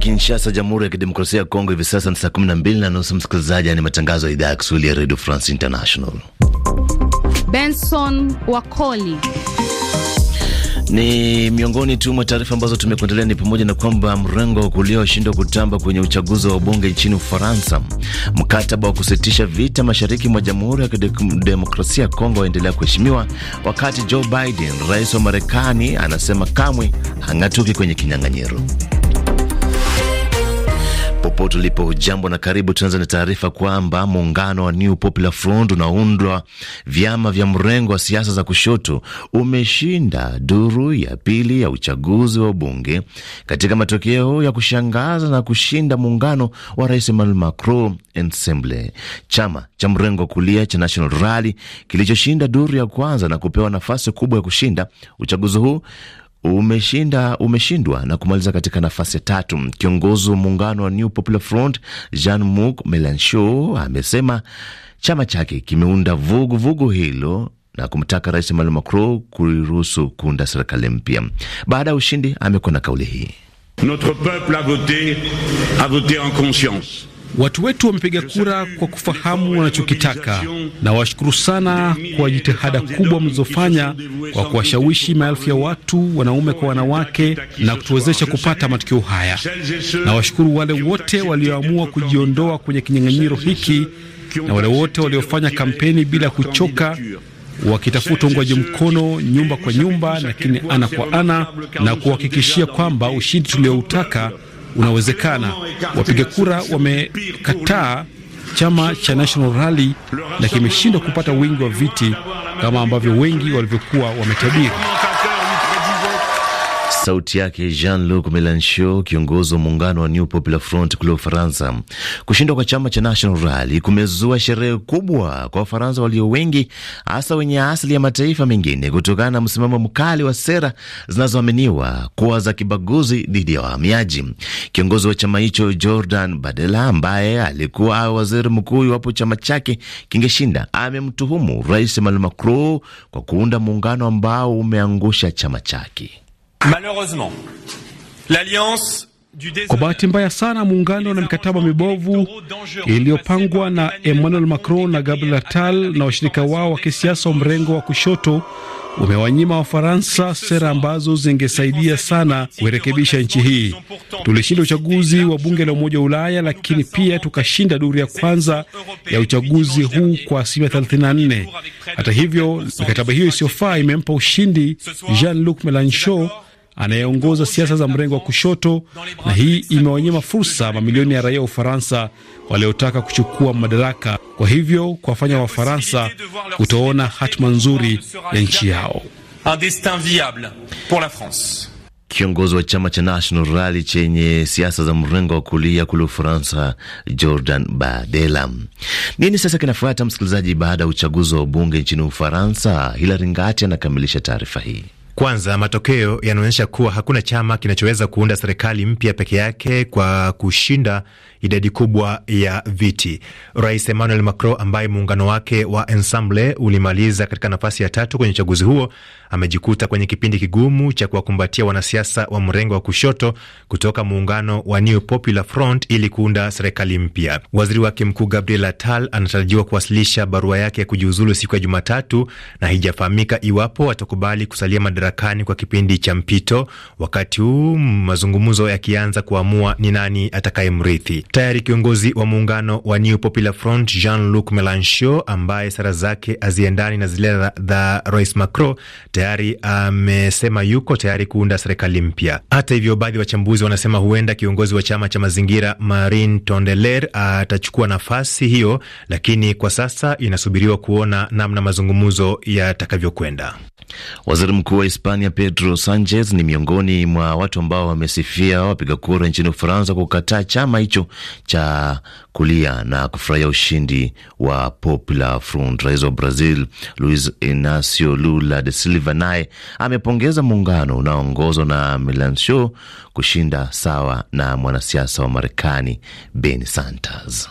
Kinshasa, Jamhuri ya Kidemokrasia ya Kongo. Hivi sasa ni saa 12 na nusu. Msikilizaji, ni matangazo ya idhaa ya Kiswahili ya Radio France International. Benson Wakoli ni miongoni tu mwa taarifa ambazo tumekuendelea ni pamoja na kwamba mrengo wa kulia washindwa kutamba kwenye uchaguzi wa bunge nchini Ufaransa, mkataba wa kusitisha vita mashariki mwa Jamhuri ya Kidemokrasia ya Kongo waendelea kuheshimiwa, wakati Joe Biden, rais wa Marekani, anasema kamwe hang'atuki kwenye kinyang'anyiro popote ulipo, jambo na karibu. Tunaanza na taarifa kwamba muungano wa New Popular Front unaundwa vyama vya mrengo wa siasa za kushoto umeshinda duru ya pili ya uchaguzi wa bunge katika matokeo ya kushangaza na kushinda muungano wa Rais Emmanuel Macron Ensemble. Chama cha mrengo kulia cha National Rally kilichoshinda duru ya kwanza na kupewa nafasi kubwa ya kushinda uchaguzi huu umeshinda umeshindwa na kumaliza katika nafasi ya tatu. Kiongozi wa muungano wa New Popular Front Jean-Luc Melenchon amesema chama chake kimeunda vuguvugu vugu hilo na kumtaka Rais Emmanuel Macron kuiruhusu kuunda serikali mpya. Baada ya ushindi, amekuwa na kauli hii: Notre peuple a voté a voté en conscience Watu wetu wamepiga kura kwa kufahamu wanachokitaka, na washukuru sana kwa jitihada kubwa mlizofanya kwa kuwashawishi maelfu ya watu, wanaume kwa wanawake, na kutuwezesha kupata matukio haya. Na washukuru wale wote walioamua kujiondoa kwenye kinyang'anyiro hiki na wale wote waliofanya kampeni bila kuchoka wakitafuta ungwaji mkono nyumba kwa nyumba, lakini ana kwa ana, na kuhakikishia kwamba ushindi tulioutaka unawezekana. Wapiga kura wamekataa chama cha National Rally na kimeshindwa kupata wingi wa viti kama ambavyo wengi walivyokuwa wametabiri. Sauti yake Jean-Luc Melenchon, kiongozi wa muungano wa New Popular Front kule Ufaransa. Kushindwa kwa chama cha National Rally kumezua sherehe kubwa kwa Wafaransa walio wengi, hasa wenye asili ya mataifa mengine, kutokana na msimamo mkali wa sera zinazoaminiwa kuwa za kibaguzi dhidi ya wahamiaji. Kiongozi wa chama hicho Jordan badela ambaye alikuwa awe waziri mkuu iwapo chama chake kingeshinda, amemtuhumu Rais Emmanuel Macron kwa kuunda muungano ambao umeangusha chama chake. Kwa bahati mbaya sana, muungano na mikataba mibovu iliyopangwa na Emmanuel Macron na Gabriel Attal na washirika wao wa kisiasa wa mrengo wa kushoto umewanyima Wafaransa sera ambazo zingesaidia sana kuirekebisha nchi hii. Tulishinda uchaguzi wa bunge la Umoja wa Ulaya, lakini pia tukashinda duru ya kwanza ya uchaguzi huu kwa asilimia 34. Hata hivyo, mikataba hiyo isiyofaa imempa ushindi Jean-Luc Melenchon anayeongoza siasa za mrengo wa kushoto, na hii imewanyima fursa mamilioni ya raia wa Ufaransa waliotaka kuchukua madaraka, kwa hivyo kuwafanya Wafaransa kutoona hatima nzuri ya nchi yao. Kiongozi wa chama cha National Rally chenye siasa za mrengo wa kulia kule Ufaransa, Jordan Bardella. Nini sasa kinafuata, msikilizaji, baada ya uchaguzi wa ubunge nchini Ufaransa? Hilari Ngati anakamilisha taarifa hii. Kwanza, matokeo yanaonyesha kuwa hakuna chama kinachoweza kuunda serikali mpya peke yake kwa kushinda idadi kubwa ya viti. Rais Emmanuel Macron ambaye muungano wake wa Ensemble ulimaliza katika nafasi ya tatu kwenye uchaguzi huo amejikuta kwenye kipindi kigumu cha kuwakumbatia wanasiasa wa mrengo wa kushoto kutoka muungano wa New Popular Front ili kuunda serikali mpya. Waziri wake mkuu Gabriel Attal anatarajiwa kuwasilisha barua yake ya kujiuzulu siku ya Jumatatu na haijafahamika iwapo atakubali kusalia madarakani kwa kipindi cha mpito, wakati huu mazungumzo yakianza kuamua ni nani atakayemrithi. Tayari kiongozi wa muungano wa New Popular Front Jean-Luc Melanchon, ambaye sera zake haziendani na zile za Rais Macron, tayari amesema yuko tayari kuunda serikali mpya. Hata hivyo, baadhi ya wachambuzi wanasema huenda kiongozi wa chama cha mazingira Marine Tondelier atachukua nafasi hiyo, lakini kwa sasa inasubiriwa kuona namna mazungumzo yatakavyokwenda. Waziri Mkuu wa Hispania Pedro Sanchez ni miongoni mwa watu ambao wamesifia wapiga kura nchini Ufaransa kwa kukataa chama hicho cha kulia na kufurahia ushindi wa Popular Front. Rais wa Brazil Luis Inacio Lula de Silva naye amepongeza muungano unaoongozwa na Milansho kushinda sawa na mwanasiasa wa Marekani Bernie Sanders.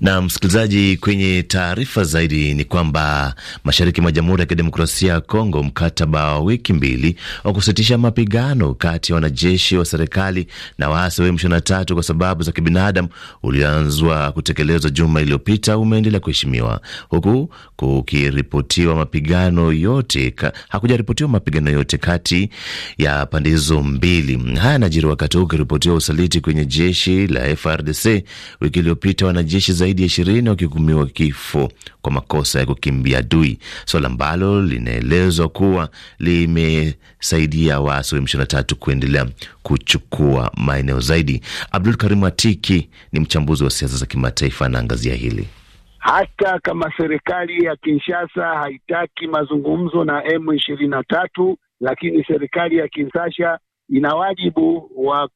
Na msikilizaji, kwenye taarifa zaidi ni kwamba mashariki mwa Jamhuri ya Kidemokrasia ya Kongo, mkataba wa wiki mbili wa kusitisha mapigano kati ya wanajeshi wa serikali na waasi wa M23 kwa sababu za kibinadamu ulioanzwa kutekelezwa juma iliyopita umeendelea kuheshimiwa huku kukiripotiwa mapigano yote, hakujaripotiwa mapigano yote kati ya pande hizo mbili. Haya najiri wakati huu ukiripotiwa usaliti kwenye jeshi la FRDC wiki iliyopita wanajeshi zaidi ya ishirini wakihukumiwa kifo kwa makosa ya kukimbia adui, swala ambalo linaelezwa kuwa limesaidia waasi wa M23 kuendelea kuchukua maeneo zaidi. Abdul karimu Atiki ni mchambuzi wa siasa za kimataifa, anaangazia hili. Hata kama serikali ya Kinshasa haitaki mazungumzo na M ishirini na tatu, lakini serikali ya Kinshasa ina wajibu wa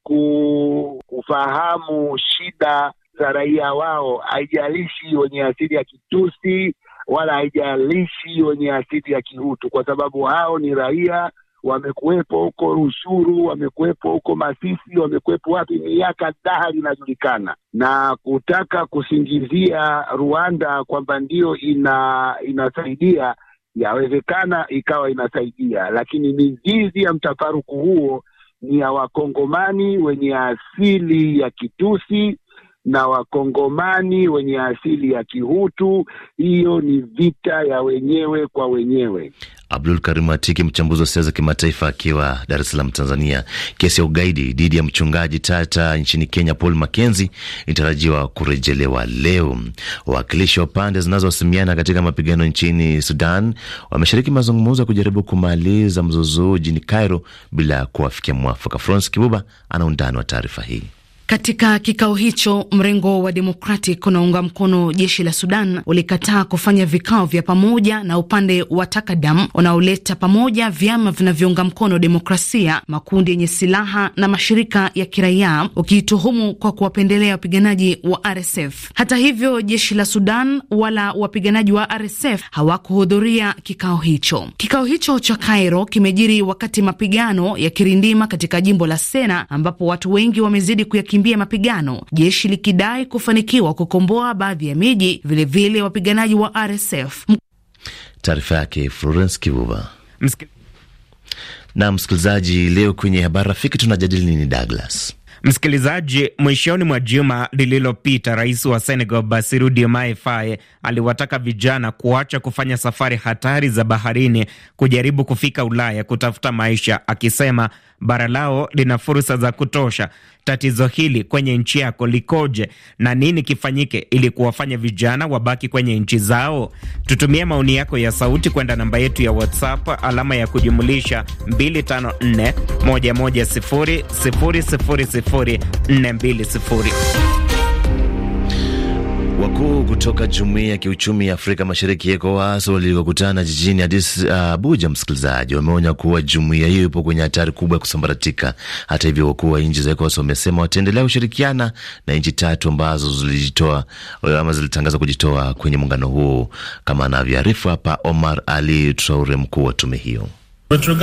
kufahamu shida za raia wao, haijalishi wenye asili ya Kitusi wala haijalishi wenye asili ya Kihutu, kwa sababu hao ni raia, wamekuwepo huko Rushuru, wamekuwepo huko Masisi, wamekuwepo wapi, miaka dhahari inajulikana. Na kutaka kusingizia Rwanda kwamba ndio ina inasaidia, yawezekana ikawa inasaidia, lakini mizizi ya mtafaruku huo ni ya Wakongomani wenye asili ya Kitusi na Wakongomani wenye asili ya Kihutu. Hiyo ni vita ya wenyewe kwa wenyewe. Abdul Karim Atiki, mchambuzi wa siasa kimataifa, akiwa Dar es Salaam, Tanzania. Kesi ya ugaidi dhidi ya mchungaji tata nchini Kenya Paul Makenzi inatarajiwa kurejelewa leo. Wawakilishi wa pande zinazohasimiana katika mapigano nchini Sudan wameshiriki mazungumzo ya kujaribu kumaliza mzozo jini Cairo bila kuwafikia mwafaka. Frans Kibuba ana undani wa taarifa hii. Katika kikao hicho, mrengo wa Democratic unaunga mkono jeshi la Sudan ulikataa kufanya vikao vya pamoja na upande wa Takadam unaoleta pamoja vyama vinavyounga mkono demokrasia, makundi yenye silaha na mashirika ya kiraia, ukiituhumu kwa kuwapendelea wapiganaji wa RSF. Hata hivyo, jeshi la Sudan wala wapiganaji wa RSF hawakuhudhuria kikao hicho. Kikao hicho cha Cairo kimejiri wakati mapigano yakirindima katika jimbo la Sena ambapo watu wengi wamezidi kuya kukimbia mapigano, jeshi likidai kufanikiwa kukomboa baadhi ya miji, vilevile wapiganaji wa RSF. Taarifa yake Florence Kivuva. Na msikilizaji, leo kwenye habari rafiki tunajadili nini, Douglas? Msikilizaji, mwishoni mwa juma lililopita, rais wa Senegal Basiru Diomaye Faye aliwataka vijana kuacha kufanya safari hatari za baharini kujaribu kufika Ulaya kutafuta maisha, akisema bara lao lina fursa za kutosha. Tatizo hili kwenye nchi yako likoje na nini kifanyike ili kuwafanya vijana wabaki kwenye nchi zao? Tutumie maoni yako ya sauti kwenda namba yetu ya WhatsApp alama ya kujumulisha 254 110 000 420. Wakuu kutoka jumuiya ya kiuchumi ya Afrika Mashariki ECOWAS waliokutana jijini adis uh, Abuja, uh, msikilizaji, wameonya kuwa jumuiya hiyo ipo kwenye hatari kubwa ya kusambaratika. Hata hivyo, wakuu wa nchi za ECOWAS wamesema wataendelea kushirikiana na nchi tatu ambazo zilijitoa ama zilitangaza kujitoa kwenye muungano huo, kama anavyoarifu hapa Omar Ali traure mkuu wa tume hiyo. Um,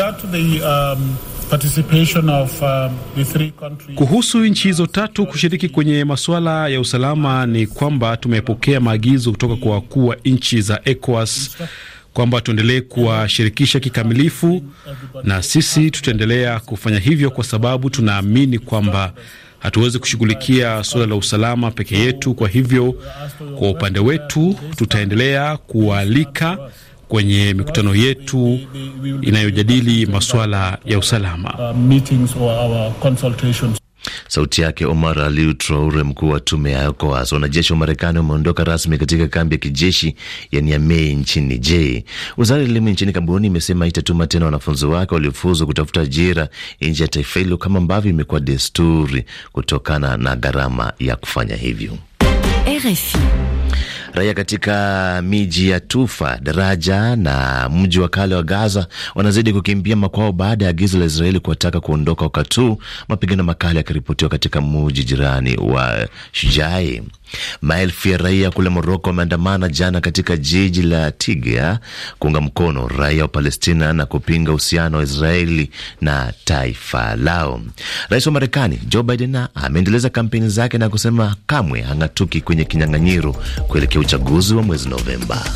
um, Kuhusu nchi hizo tatu kushiriki kwenye masuala ya usalama, ni kwamba tumepokea maagizo kutoka kwa wakuu wa nchi za ECOWAS kwamba tuendelee kuwashirikisha kikamilifu, na sisi tutaendelea kufanya hivyo kwa sababu tunaamini kwamba hatuwezi kushughulikia suala la usalama peke yetu. Kwa hivyo, kwa upande wetu tutaendelea kuwaalika kwenye mikutano yetu inayojadili masuala ya usalama. Uh, Sauti yake Omar Aliu mkuu wa tume ya ECOWAS. Wanajeshi wa Marekani wameondoka rasmi katika kambi ya kijeshi ya Niamey nchini je. Wizara ya elimu nchini Kamboni imesema itatuma tena wanafunzi wake waliofuzwa kutafuta ajira nje ya taifa hilo kama ambavyo imekuwa desturi, kutokana na gharama ya kufanya hivyo. RFI. Raia katika miji ya Tufa, Daraja na mji wa kale wa Gaza wanazidi kukimbia makwao baada ya agizo la Israeli kuwataka kuondoka, wakati huu mapigano makali yakiripotiwa katika mji jirani wa Shujai. Maelfu ya raia kule Moroko wameandamana jana katika jiji la Tiga kuunga mkono raia wa Palestina na kupinga uhusiano wa Israeli na taifa lao. Rais wa Marekani Joe Biden ameendeleza kampeni zake na kusema kamwe hang'atuki kwenye kinyang'anyiro kuelekea uchaguzi wa mwezi Novemba.